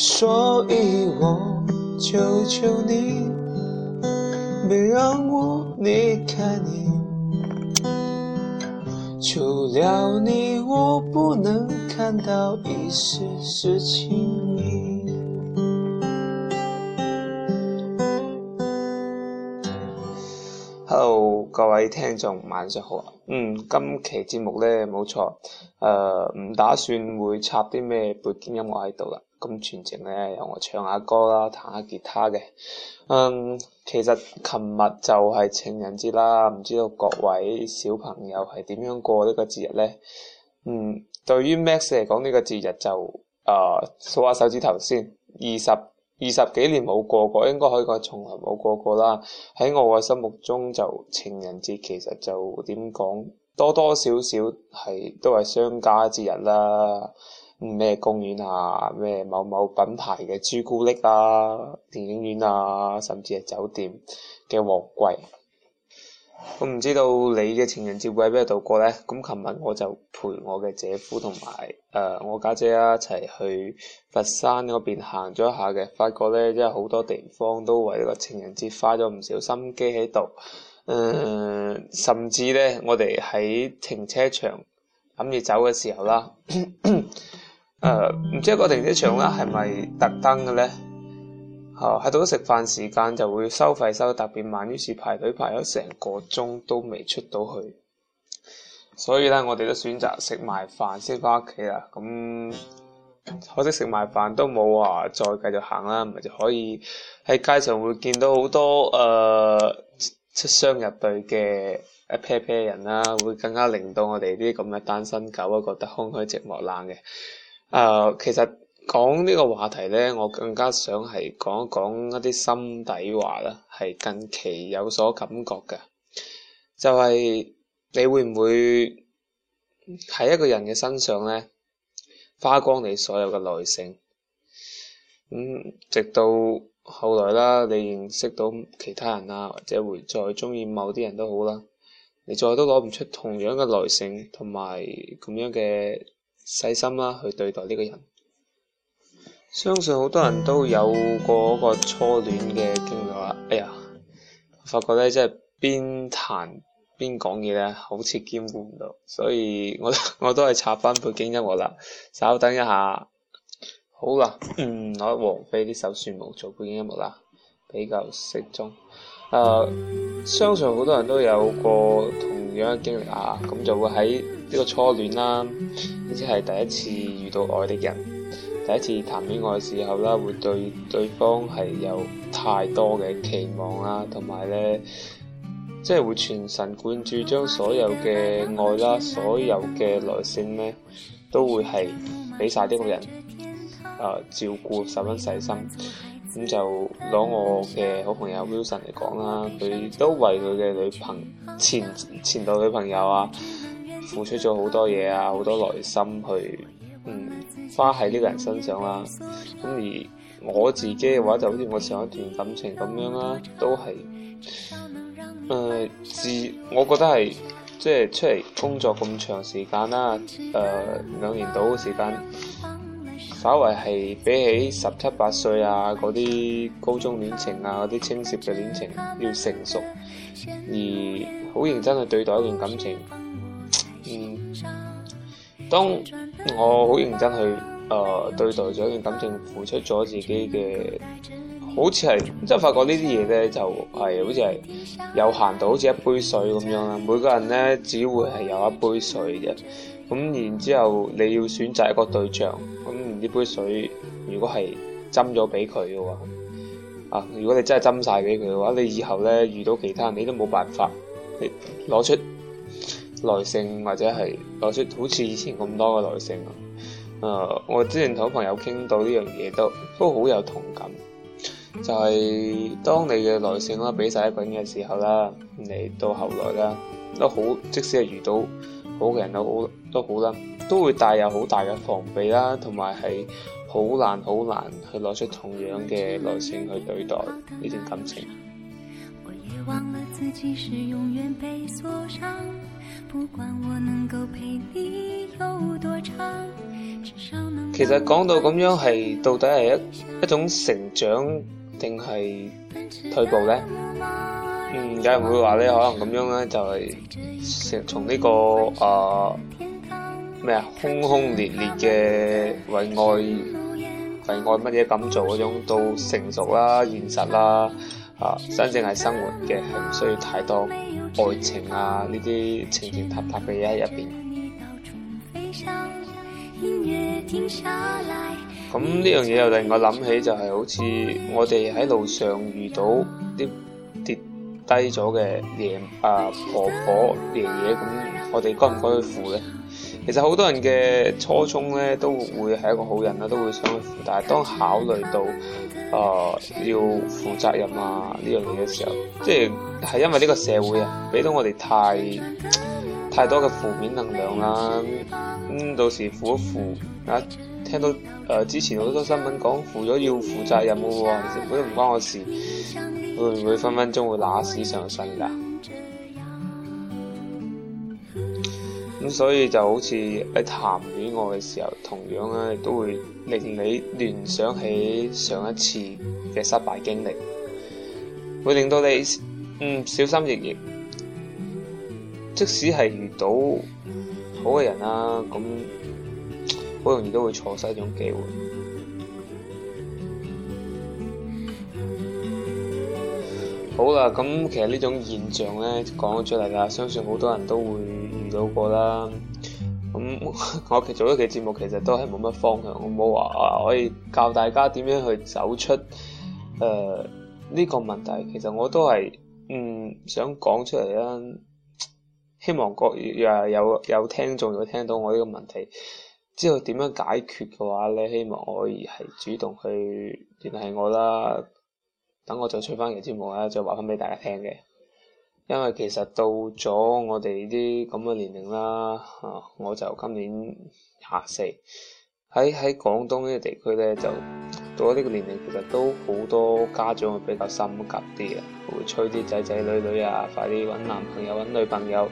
所以我求求你，別讓我離開你。除了你，我不能看到一絲絲情意。Hello，各位聽眾，晚上好啊。嗯，今期節目咧，冇錯，誒、呃，唔打算會插啲咩背景音樂喺度啦。咁全程咧，由我唱下歌啦，彈下吉他嘅。嗯，其實琴日就係情人節啦，唔知道各位小朋友係點樣過呢個節日呢？嗯，對於 Max 嚟講，呢個節日就，啊、呃，數下手指頭先，二十二十幾年冇過過，應該可以講從來冇過過啦。喺我嘅心目中，就情人節其實就點講，多多少少係都係商家節日啦。咩公園啊，咩某某品牌嘅朱古力啦、啊，電影院啊，甚至係酒店嘅旺季，我唔知道你嘅情人節會喺邊度過呢？咁琴日我就陪我嘅姐夫同埋誒我家姐，姐一齊去佛山嗰邊行咗一下嘅，發覺呢，真係好多地方都為呢個情人節花咗唔少心機喺度。誒、呃，甚至呢，我哋喺停車場諗住走嘅時候啦。 誒，唔、uh, 知個停車場咧係咪特登嘅咧？哦，喺度食飯時間就會收費收得特別慢，於是排隊排咗成個鐘都未出到去，所以咧我哋都選擇食埋飯先返屋企啦。咁可惜食埋飯都冇話再繼續行啦，咪就可以喺街上會見到好多誒、uh, 出雙入對嘅一 pair pair 人啦，會更加令到我哋啲咁嘅單身狗啊，覺得空虛寂寞冷嘅。誒，uh, 其實講呢個話題呢，我更加想係講一講一啲心底話啦，係近期有所感覺嘅，就係、是、你會唔會喺一個人嘅身上呢，花光你所有嘅耐性？咁、嗯、直到後來啦，你認識到其他人啦，或者會再鍾意某啲人都好啦，你再都攞唔出同樣嘅耐性同埋咁樣嘅。細心啦，去對待呢個人。相信好多人都有過嗰個初戀嘅經歷啦。哎呀，我發覺咧，即係邊彈邊講嘢咧，好似兼顧唔到，所以我我都係插翻背景音樂啦，稍等一下。好啦，嗯，攞王菲啲首《旋木》做背景音樂啦，比較適中。誒、呃，相信好多人都有過同。經歷啊，咁就會喺呢個初戀啦，即係第一次遇到愛的人，第一次談戀愛嘅時候啦，會對對方係有太多嘅期望啦，同埋咧，即係會全神貫注，將所有嘅愛啦，所有嘅耐性咧，都會係俾晒呢個人，誒、啊，照顧十分細心。咁、嗯、就攞我嘅好朋友 Wilson 嚟講啦，佢都為佢嘅女朋友前前度女朋友啊，付出咗好多嘢啊，好多耐心去，嗯，花喺呢個人身上啦。咁、嗯、而我自己嘅話就好似我前一段感情咁樣啦、啊，都係，誒、呃、自我覺得係即係出嚟工作咁長時間啦、啊，誒、呃、兩年到時間。稍為係比起十七八歲啊嗰啲高中戀情啊嗰啲青澀嘅戀情要成熟，而好認真去對待一段感情。嗯，當我好認真去誒、呃、對待咗一段感情，付出咗自己嘅，好似係即係發覺呢啲嘢咧，就係、是、好似係有限度，好似一杯水咁樣啦。每個人咧，只會係有一杯水嘅。咁然之後，你要選擇一個對象。咁呢杯水，如果係斟咗俾佢嘅話，啊，如果你真係斟晒俾佢嘅話，你以後咧遇到其他人，你都冇辦法，你攞出耐性或者係攞出好似以前咁多嘅耐性咯。誒、啊，我之前同朋友傾到呢樣嘢，都都好有同感，就係、係、當你嘅耐性啦，俾晒一個人嘅時候啦，你到後來啦，都好即使係遇到好嘅人都好。都好啦，都會帶有好大嘅防備啦，同埋係好難好難去攞出同樣嘅耐性去對待呢段感情。其實講到咁樣係到底係一一種成長定係退步咧？嗯，梗係唔會話咧，可能咁樣咧就係從從呢個啊。咩啊轟轟烈烈嘅為愛為愛乜嘢咁做嗰種到成熟啦、現實啦，啊真正係生活嘅係唔需要太多愛情啊，呢啲情情塔塔嘅嘢喺入邊。咁呢 樣嘢又令我諗起，就係好似我哋喺路上遇到啲跌低咗嘅爺啊婆婆爺爺咁，爺爺我哋該唔該去扶咧？其實好多人嘅初衷咧，都會係一個好人啦，都會想去扶。但係當考慮到，誒、呃、要負責任啊呢樣嘢嘅時候，即係係因為呢個社會啊，俾到我哋太太多嘅負面能量啦、啊。嗯，到時扶一扶啊，聽到誒、呃、之前好多新聞講扶咗要負責任嘅、啊、喎，其實都唔關我事，會唔會分分鐘會乸屎上身噶？咁所以就好似喺談戀愛嘅時候，同樣咧都會令你聯想起上一次嘅失敗經歷，會令到你嗯小心翼翼。即使係遇到好嘅人啦、啊，咁好容易都會錯失呢種機會。好啦，咁、嗯、其實呢種現象咧講咗出嚟啦，相信好多人都會遇到過啦。咁、嗯、我其實做呢期節目，其實都係冇乜方向，啊、我冇話可以教大家點樣去走出誒呢、呃這個問題。其實我都係嗯想講出嚟啦，希望各誒有有，有聽眾會聽到我呢個問題，知道點樣解決嘅話咧，希望可以係主動去聯繫我啦。等我再吹翻期節目咧，就話翻俾大家聽嘅。因為其實到咗我哋啲咁嘅年齡啦，嚇，我就今年廿四。喺喺廣東呢個地區咧，就到咗呢個年齡，其實都好多家長會比較心急啲嘅，會催啲仔仔女女啊，快啲揾男朋友，揾女朋友，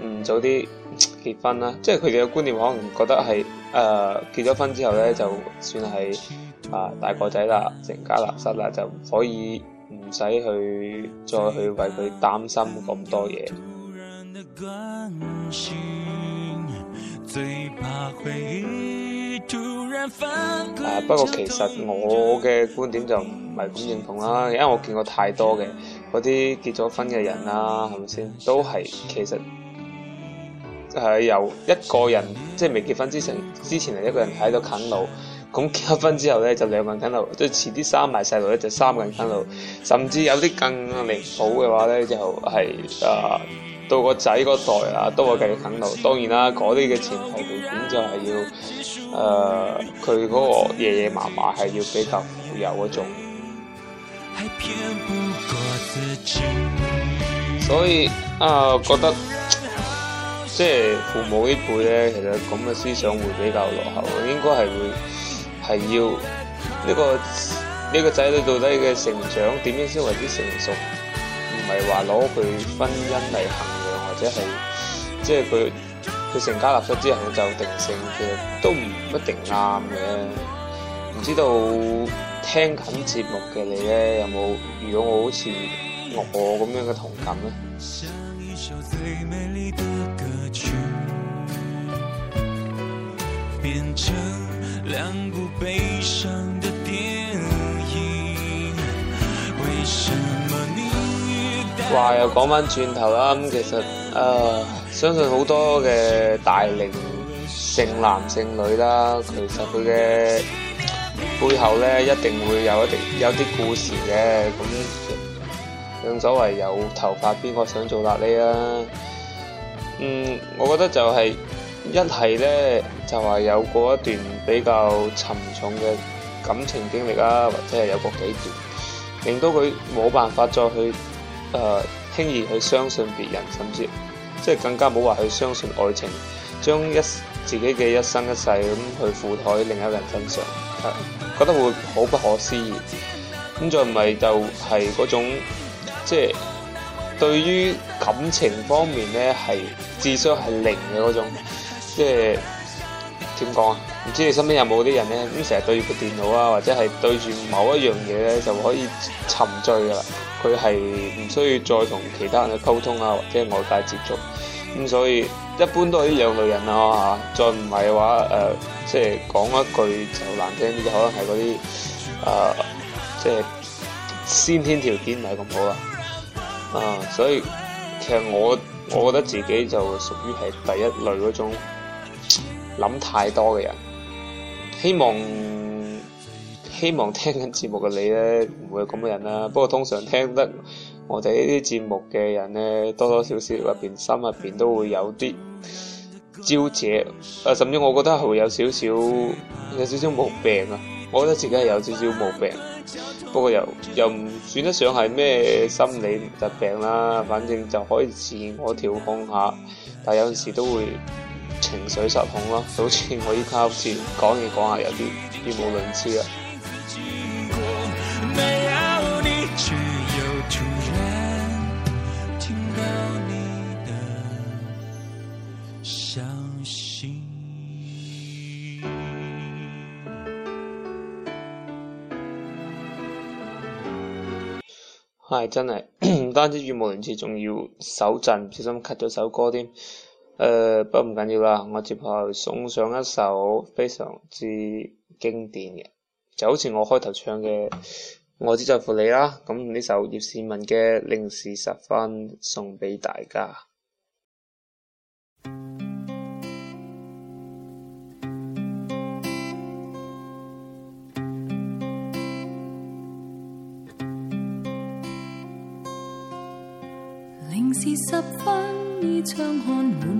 嗯，早啲結婚啦。即係佢哋嘅觀念可能覺得係誒、呃、結咗婚之後咧，就算係。啊，大個仔啦，成家立室啦，就可以唔使去再去為佢擔心咁多嘢，嗯。啊，不過其實我嘅觀點就唔係咁認同啦，因為我見過太多嘅嗰啲結咗婚嘅人啦，啊，係咪先？都係其實係、就是、由一個人，即、就、係、係、未結婚之前，之前係一個人喺度啃老。咁結婚之後咧，就兩個人啃老；即係遲啲生埋細路咧，就三個人啃老。甚至有啲更離譜嘅話咧，就係誒到個仔嗰代啊，都會繼續啃老。當然啦，嗰啲嘅前提條件就係要誒佢嗰個爺爺嫲嫲係要比較富有嗰種。所以誒、呃、覺得即係父母輩呢輩咧，其實咁嘅思想會比較落後，應該係會。係要呢個呢個仔女到底嘅成長點樣先為之成熟？唔係話攞佢婚姻嚟衡量，或者係即係佢佢成家立室之後就定性，其實都唔一定啱嘅。唔知道聽緊節目嘅你咧，有冇如果我好似我咁樣嘅同感咧？話又講翻轉頭啦，咁其實啊、呃，相信好多嘅大齡剩男剩女啦，其實佢嘅背後咧一定會有一定有啲故事嘅。咁正所謂有頭髮，邊個想做瘌痢啊？嗯，我覺得就係、是。一係咧就話有過一段比較沉重嘅感情經歷啊，或者係有過幾段，令到佢冇辦法再去誒、呃、輕易去相信別人，甚至即係更加冇話去相信愛情，將一自己嘅一生一世咁去付喺另一個人身上，係、呃、覺得會好不可思議。咁再唔係就係嗰種即係對於感情方面咧係智商係零嘅嗰種。即係點講啊？唔知你身邊有冇啲人咧，咁成日對住部電腦啊，或者係對住某一樣嘢咧，就可以沉醉噶啦。佢係唔需要再同其他人去溝通啊，或者外界接觸。咁、嗯、所以一般都係呢兩類人咯、啊、吓。再唔係嘅話，誒、呃，即係講一句就難聽啲，可能係嗰啲誒，即係先天條件唔係咁好啊。啊，所以其實我我覺得自己就屬於係第一類嗰種。諗太多嘅人，希望希望聽緊節目嘅你咧，唔會係咁嘅人啦、啊。不過通常聽得我哋呢啲節目嘅人咧，多多少少入邊心入邊都會有啲焦躁，誒、呃，甚至我覺得係會有少少有少少毛病啊。我覺得自己係有少少毛病，不過又又唔算得上係咩心理疾病啦。反正就可以自我調控下，但係有陣時都會。情緒失控咯，好似我依家好似講嘢講下有啲 語無倫次啦。係真係唔單止語無倫次，仲要手震，小心 cut 咗首歌添。誒、呃、不唔緊要啦，我接下來送上一首非常之經典嘅，就好似我開頭唱嘅《我只在乎你》啦。咁呢首葉倩文嘅《零時十分》送俾大家。零時十分，倚唱看門。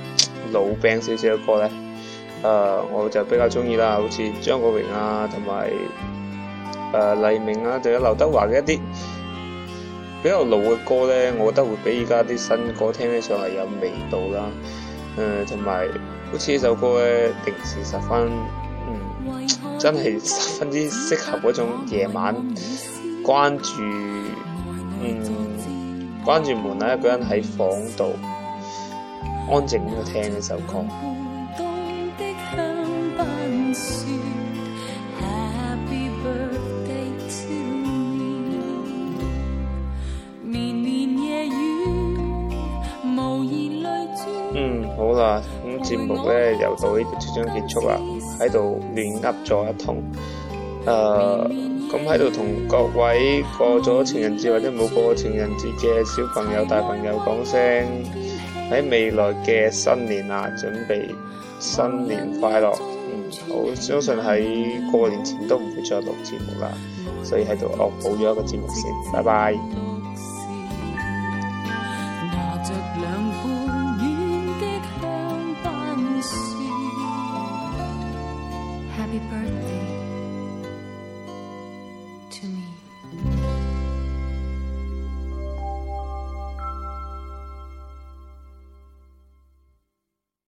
老病少少嘅歌咧，誒、呃、我就比較中意啦，好似張國榮啊，同埋誒黎明啊，仲有劉德華嘅一啲比較老嘅歌咧，我覺得會比而家啲新歌聽起上嚟有味道啦。誒同埋好似呢首歌咧，定時十分，嗯，真係十分之適合嗰種夜晚關住，嗯，關住門啦，啊，一個人喺房度。安靜咁去聽呢首歌。 嗯，好啦，咁節目呢又到呢度將結束啦，喺度亂噏咗一通。誒，咁喺度同各位過咗情人節或者冇過情人節嘅小朋友、大朋友講聲。喺未來嘅新年啊，準備新年快樂，嗯，好相信喺過年前都唔會再錄節目啦，所以喺度惡補咗一個節目先，拜拜。